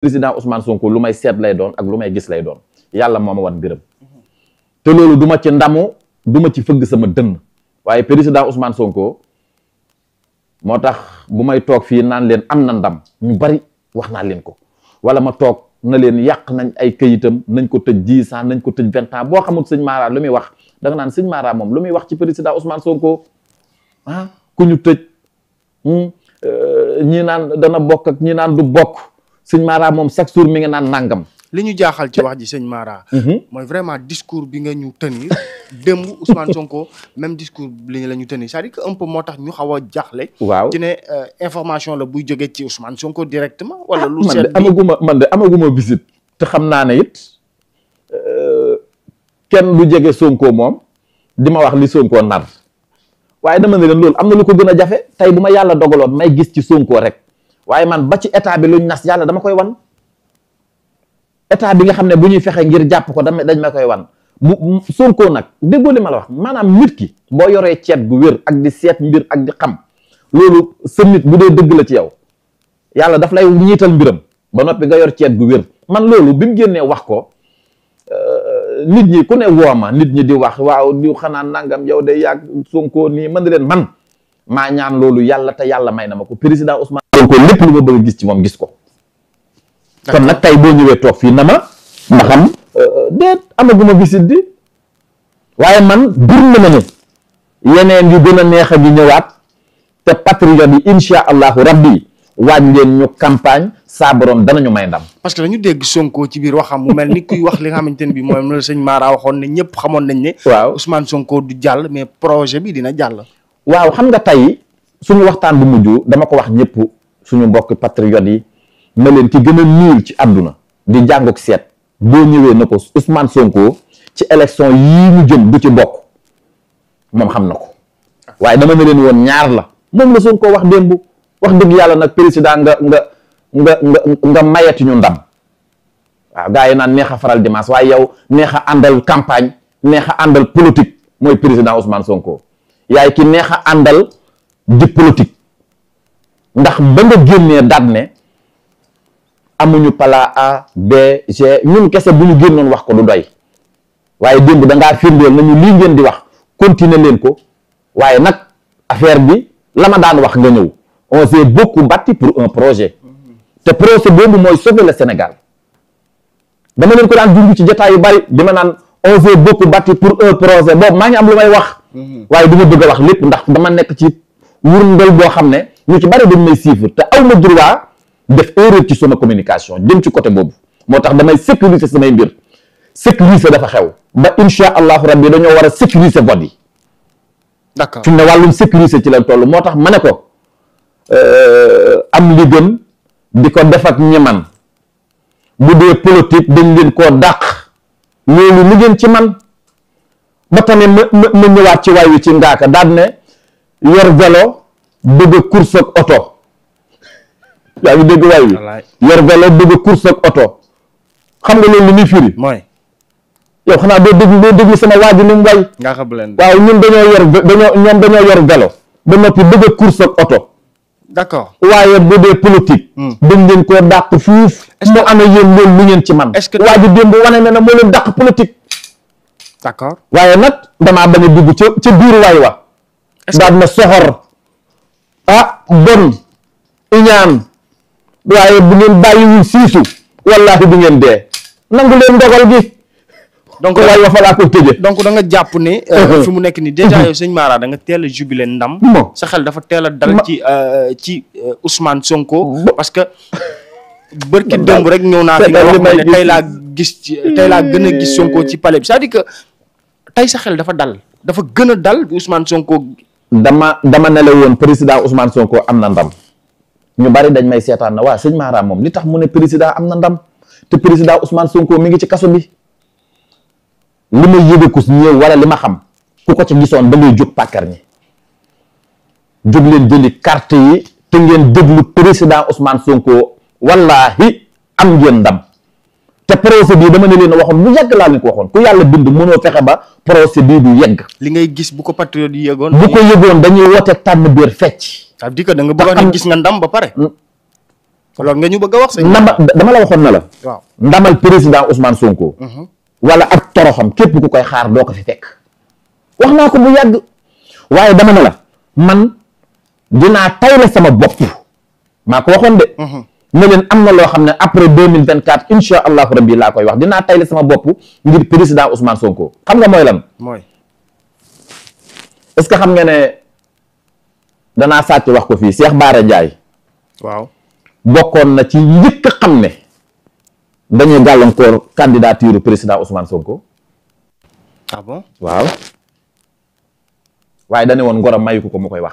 président Ousmane Sonko lu may seet lay doon ak lu may gis lay doon yàlla moo ma wan mbiram te loolu du ma ci ndamu du ma ci fëgg sama dënn waaye président Ousmane Sonko moo tax bu may toog fii naan leen am na ndam ñu bari wax naa leen ko wala ma toog na leen yàq nañ ay këyitam nañ ko tëj dix ans nañ ko tëj vingt ans boo xamul sëñ Mara lu muy wax danga naan sëñ maara moom lu muy wax ci président Ousmane Sonko ah ku ñu tëj hmm, euh, ñii naan dana bokk ak ñii naan du bokk. sëñ Mara moom chaque jour mi nga naan nangam. li ñu jaaxal ci wax ji sëñ Mara. Mhm. mooy vraiment discours bi nga ñu tenir démb Ousmane Sonko même discours bi la ñu tenir c'est-à-dire que un peu moo tax ñu xaw a jaaxle. waaw ci ne euh, information la buy jógee ci Ousmane Sonko directement. wala lu seet ah, man de amaguma man de amaguma visite. te xam naa ne it euh, kenn lu jege Sonko moom di ma wax li Sonko nar waaye dama ne leen loolu am na lu ko gën a jafe tey bu ma yàlla dogaloon may gis ci Sonko rek. waaye man ba ci état bi luñ nas yàlla dama koy wan état bi nga xam ne bu ñuy fexe ngir jàpp ko dama dañ ma koy wan bu Sonko nag déggoo li ma la wax maanaam nit ki boo yoree ceet gu wér ak di seet mbir ak di xam loolu sa bu dee dëgg la ci yow yàlla daf lay ñiital mbiram ba noppi nga yor ceet gu wér man loolu bi mu génnee wax ko euh, nit ñi ku ne wooma nit ñi di wax waaw di xanaa nangam yow de yàgg Sonko nii man di leen man maa ñaan loolu yàlla te yàlla may na ma ko président Ousmane Sonko lépp lu ma bëgg a gis ci moom gis ko kon nag tey boo ñëwee toog fii na ma ma xam euh, déet amaguma visite bi waaye man dur na ma ne yeneen yu gën a neex a gi ñëwaat te patriote yi insha allahu rabbi waañ leen ñu campagne saa borom ñu may ndam. parce que dañu dégg Sonko ci biir xam mu mel ni kuy wax li nga xamante ne bii mooy la sëñ Mara waxoon ne ñëpp xamoon nañ ne. waaw Ousmane Sonko du jàll mais projet bi dina jàll. waaw xam nga tey suñu waxtaan bu mujj dama ko wax ñëpp suñu mbokk patriotes yi ma leen ci gën a niil ci àdduna di jàngok seet boo ñëwee na ko Ousmane Sonko ci élection yii mu jëm du ci bokk moom xam na ko waaye dama ne leen woon ñaar la moom la Sonko wax démb wax dëgg yàlla nag président nga nga nga nga nga mayati ñu ndam waaw gaa yi naan neex a faral dimanche waaye yow neex a àndal campagne neex a àndal politique mooy président Ousmane Sonko. yaay ki neex a àndal di politique ndax ba nga génnee daat ne amuñu pala A B G ñun kese bu ñu génnoon wax ko du doy waaye démb da ngaa firndeel nañu lii ngeen di wax continuer leen ko waaye nag affaire bi la ma daan wax nga ñëw on s'est beaucoup battu pour un projet te projet boobu mooy sauver le Sénégal dama leen ko daan dund ci jotaay yu bari dima naan. on veut beaucoup bâtir pour un projet boobu maa ngi am lu may wax mhm. waaye duma ma bëgg a wax lépp ndax dama nekk ci wurndal boo xam ne ñu ci bari dañ may suivre te aw ma droit def erreur ci sama communication jëm ci côté boobu moo tax damay sécuriser samay mbir sécuriser dafa xew ba insha allahu rabbi dañoo war a sécuriser vote yi d'accord fi mu ne wàllum sécuriser ci la toll moo tax ma ne ko euh, am li di ko def ñeman ñi man bu dee politique dañ leen koo dàq loolu mu gën ci man ba tamit ma ma ñëwaat ci waay wi ci ngaaka daan ne yor vélo bëgg a course ak oto yaa ngi dégg waay wi yor vélo bëgg course ak oto xam nga loolu lu muy firi mooy yow xanaa doo déglu doo déglu sama waa ji ni mu waaw ñun dañoo yor dañoo ñoom ba noppi bëgg a course ak oto d'accord waaye bu dee politique. Hmm. dañ leen koo dàq fuuf. mu ana yéen loolu lu ngeen ci man est-ce que waa ji démb na ne moo leen dàq politique. d'accord waaye nag damaa bañ a dugg ca biir waay wa. daal na soxor. ah bon. iñaan waaye bu ngeen bàyyiwul siisu. wallaahi bu ngeen dee. nangu leen ndogal gi. donc waaye fa donc da nga jàpp ne euh, fi mu nekk ni dèjà yow sëñ Mara da nga teel a jubilé ndam sa xel dafa teel a dal ci euh, ci euh, Ousmane Sonko parce que bërki dëmb rek ñëw naa fi nga wax ne tey laa gis tey laa gën a gis Sonko ci palais bi cest à sa xel dafa dal dafa gën a dal bi Ousmane Sonko dama dama ne la woon président Ousmane Sonko am na ndam ñu bari dañ may seetaan na waa sëñ Mara moom li tax mu ne président am na ndam te président Sonko mi ngi ci kaso bi li ma yëgeku si ñëw li ma xam ku ko ci gisoon da ngay jóg pàkkar ñi jóg leen jëli carte yi te ngeen déglu président Ousmane Sonko wallahi am ngeen ndam te procès bi dama ne leen waxoon lu yàgg laa leen ko waxoon yàlla bind mënoo fexe ba procès bi yegg. li ngay gis bu ko patriote yi yëgoon. bu ko yëgoon dañuy woote tànn biir fecc. ça veut dire gis nga ndam ba pare. Hmm. loolu nga ñu bëgg a wax. ndam dama la waxoon na la. waaw ndamal président Ousmane Sonko. Hmm. wala ak toroxam képp ku koy xaar doo ko fi fekk wax naa ko bu yàgg waaye dama ne la man dinaa tayle sama bopp maa ko waxoon de mhm. ne leen am na loo xam ne après deux mille vingt quatre insha allahu rabbi laa koy wax dinaa tayle sama bopp ngir président Ousmane Sonko xam nga mooy lan mooy est que xam nga ne danaa sàcc wax ko fii seex Bara Ndiaye waaw bokkoon na ci yëkk xam ne dañuy gàllankoor candidature président Ousmane Sonko. ah bon waaw. waaye dañu woon ngoram mayu ko mu koy wax.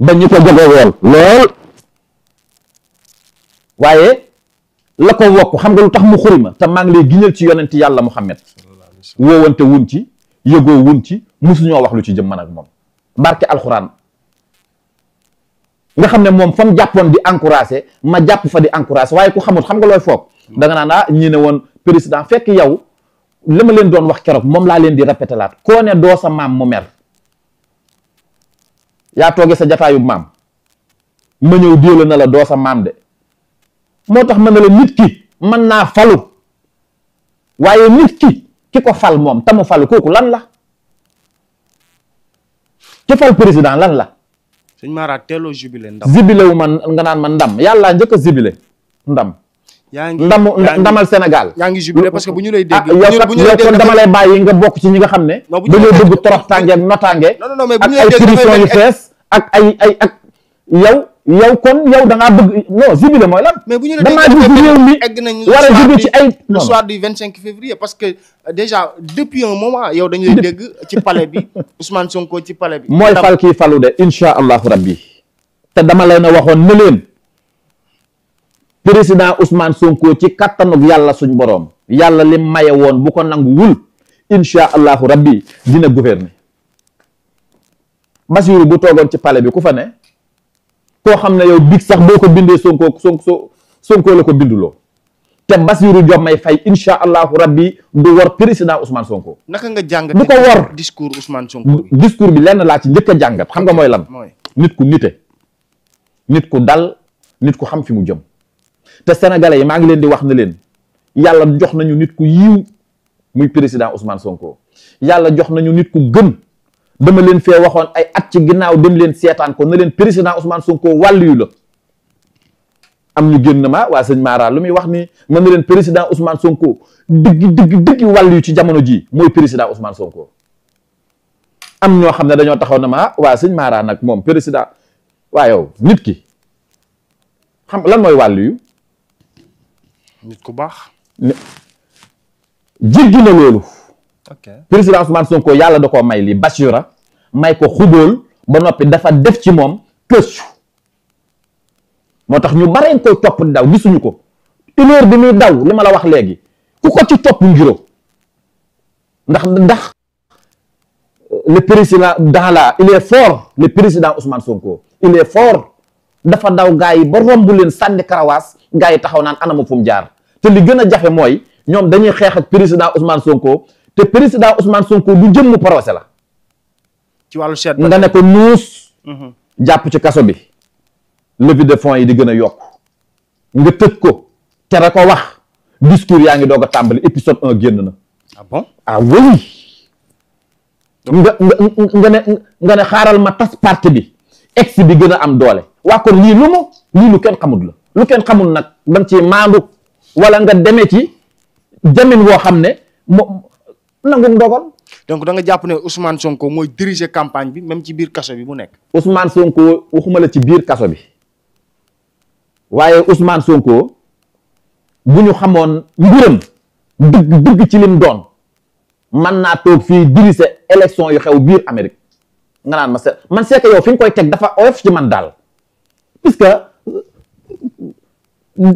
dañ ñu ko jogoo woon lool. waaye la ko wokk xam nga lu tax mu xurima te maa ngi lay giñal ci yonent yàlla Muhammad woowante wun ci yëgoo wun ci musuñoo wax lu ci jëm man ak moom barke alxuraan nga xam ne moom fa mu jàppoon di encouragé ma jàpp fa di encouragé waaye ku xamul xam nga looy foog mm. da nga naan ah ñii ne woon président fekk yow li ma leen doon wax keroog moom laa leen di répété laat koo ne doo sa maam mu mer yaa tooge sa jataayu maam ma ñëw déela na la doo sa maam de moo tax ma ne la nit ki mën naa falu waaye nit ki ki ko fal moom tamu falu kooku lan la ki fal président lan la sëñ Mara teeloo jubilé ndam. jubilé wu man nga naan ma ndam yàllaa njëkk a jubilé ndam. yaa ngi ndamu ndamal Sénégal. yaa ngi jubilé parce que bu ñu lay dégg. Ah, bu ñu lay dégg kon nga bokk ci ñi nga xam ne. non bu ñu lay dégg torox tànge notaange. non non mais bu ñu lay dégg ay solution ay ay ak yow kon yow da ngaa bëgg non jubile mooy lan. mais bu ñu la egg nañ war a jublu ci ay. le soir du 25 février parce que euh, déjà depuis un moment yow dañuy dégg ci pale bi Ousmane Sonko ci pale bi. mooy fal kii falu de incha allahu rabbi te dama leen a waxoon ne leen président Ousmane Sonko ci kattanug yàlla suñ boroom yàlla li maye woon bu ko nanguwul incha allahu rabbi dina gouverner Basiru bu toogoon ci pale bi ku fa ne. koo xam ne yow big sax boo ko bindee Sonko Sonko Sonko la ko binduloo te Bassirou Diomaye Faye incha allahu rabbi du war président Ousmane Sonko. naka nga jàngat du ko war discours Ousmane bi. discours bi lenn laa ci njëkk a jàngat xam nga mooy lan. nit ku nite. nit ku dal nit ku xam fi mu jëm te sénégalais yi maa ngi leen di wax ne leen yàlla jox nañu nit ku yiw muy président Ousmane Sonko yàlla jox nañu nit ku gën. dama leen fee waxoon ay at ci ginnaaw dem leen seetaan ko na leen président Ousmane Sonko wàll yu la am ñu génn ma waa sëñ Mara lu muy wax ni ma na leen président Ousmane Sonko digg digg digg wàll yu ci jamono ji mooy président Ousmane Sonko am ñoo xam ne dañoo taxaw na ma waa sëñ Mara nag moom président waa yow nit ki xam lan mooy wàll yu nit ku baax. jéggi na loolu. président Ousmane Sonko yàlla da koo may lii Bachira may ko xubóol ba noppi dafa def ci moom këccu moo tax ñu bare koy topp di daw gisuñu ko une bi muy daw li ma la wax léegi ku ko ci topp ngiro ndax ndax le président dans la il est fort le président Ousmane Sonko il est fort dafa daw gaa yi ba romb leen sànni karawaas gaa yi taxaw naan anama fu mu jaar te li gën a jafe mooy ñoom dañuy xeex ak président Ousmane Sonko te président Ousmane Sonko du jëmm procès la. ci wàllu seet nga ne ko nuus. Mhm. jàpp ci kaso bi. levée de fonds yi di gën a yokk nga tëj ko tere ko wax discours yaa ngi doog a tàmbali épisode un génn na. ah, ah nga nga nga ne nga ne xaaral ma tas parti bi ex bi gën a am doole waa kon lii lu mu lii lu kenn xamul la lu kenn xamul nag danga ci maandu wala nga demee ci jamin woo xam ne mo nangum dogal. donc da nga jàpp ne Ousmane Sonko mooy diriger campagne bi même ci biir kaso bi mu nekk. Ousmane Sonko waxuma la ci biir kaso bi waaye Ousmane Sonko bu ñu xamoon mbiram dëgg dëgg ci lim doon man naa toog fii diriger élection yu xew biir Amérique nga naan ma se man yow fi nga koy teg dafa oyof ci man daal puisque euh,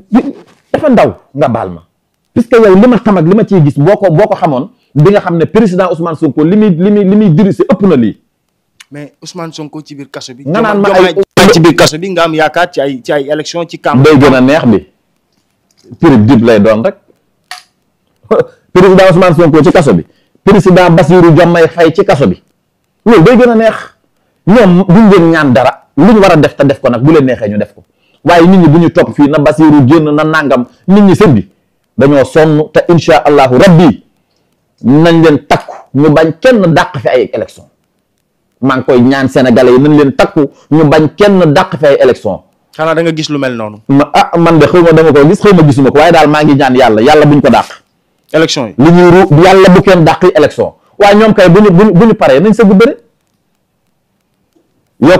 dafa ndaw nga baal ma puisque yow li ma xam ci li gis boo ko boo ko xamoon. bi nga xam ne président Ousmane Sonko li muy li muy li si ëpp na lii. mais usman Sonko ci biir kaso bi. nga naan ma ay ci biir bi nga am yaakaar ci ay ci ay élection ci camp. day gën a neex bi. prix dib lay doon rek président Ousmane Sonko ci kaso bi président Bassirou Diomaye Faye ci kaso bi loolu day gën a neex ñoom bu leen ñaan dara lu ñu war a def te def ko nag bu leen neexee ñu def ko waaye nit ñi bu ñu topp fii na Bassirou génn na nangam nit ñi sëddi dañoo sonn te incha allahu rabbi nañ leen takku ñu bañ kenn dàq fi ay élection maa ngi koy ñaan sénégalais yi nañ leen takku ñu bañ kenn dàq fi ay élection xanaa da nga gis lu mel noonu. ma ah man de xëy ma dama koy gis xëy ma gisuma ko waaye daal maa ngi ñaan yàlla yàlla buñ ko dàq. élection yi li ñuy ru yàlla bu kenn dàq élection waaye ñoom kay bu ñu bu ñu paree nañ sa gu bëri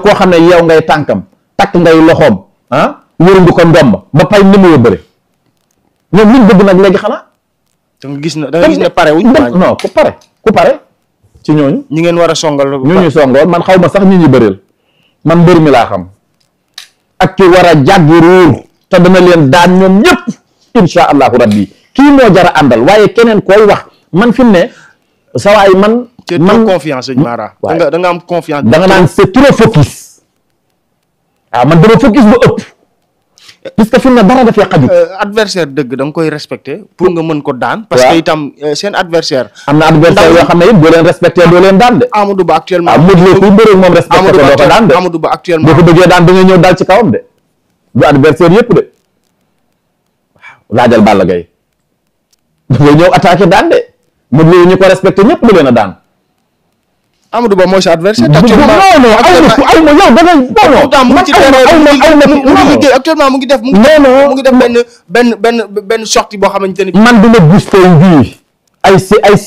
koo xam ne yow ngay tànkam takk ngay loxoom ah wërundu ko ndomb ba pay ni mu ñoom liñ bëgg da nga gis na da nga gis ne pare wuñ. non ku pare ku pare ci ñooñu. ñi ngeen war a songal la. ñu ñu songoon man xaw ma sax ñi ñu bëreel man mbër mi laa xam. ak ki war a jàgg ruur te dana leen daan ñoom ñëpp incha allahu rabbi kii moo jar a àndal waaye keneen koy wax man fi mu ne sa waay man. man confiance sëñ Mara. da nga da nga am confiance. danga nga naan c'est trop focus. Ah, man dama focus ba ëpp. puisque fi mu ne dara dafee euh, nga koy respecté pour nga mën ko daan. parce que itam euh, seen adversaire am na adversaire yoo xam ne it boo leen respecté doo leen daan de. Amadou Ba actuellement ah Modou Lo kuy bëre moom respecté doo ko daan de Amadou Ba actuellement boo ko bëggee daan da nga ñëw daal ci kawam de. du adversaire yëpp de laajal Balla Gaye da ngay ñëw attaqué daan de Modou Lo ñu ko respecté ñëpp du leen a daan. Amadou Ba mooy sa adversaire. actuellement non non Amadou yow da ngay. non actuellement mu ngi def. mu ngi def benn benn benn benn sortie boo xamante ni. man du ma booster bii